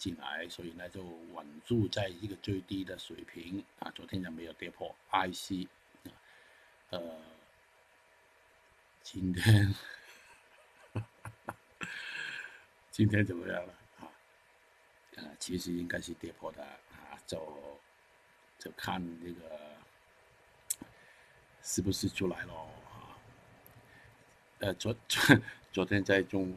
進來，所以呢就穩住在一個最低的水平啊！昨天也沒有跌破 IC，啊，呃，今天，今天怎麼樣了啊，啊，其實應該是跌破的啊，就就看那個是不是出來咯啊！昨昨天在中。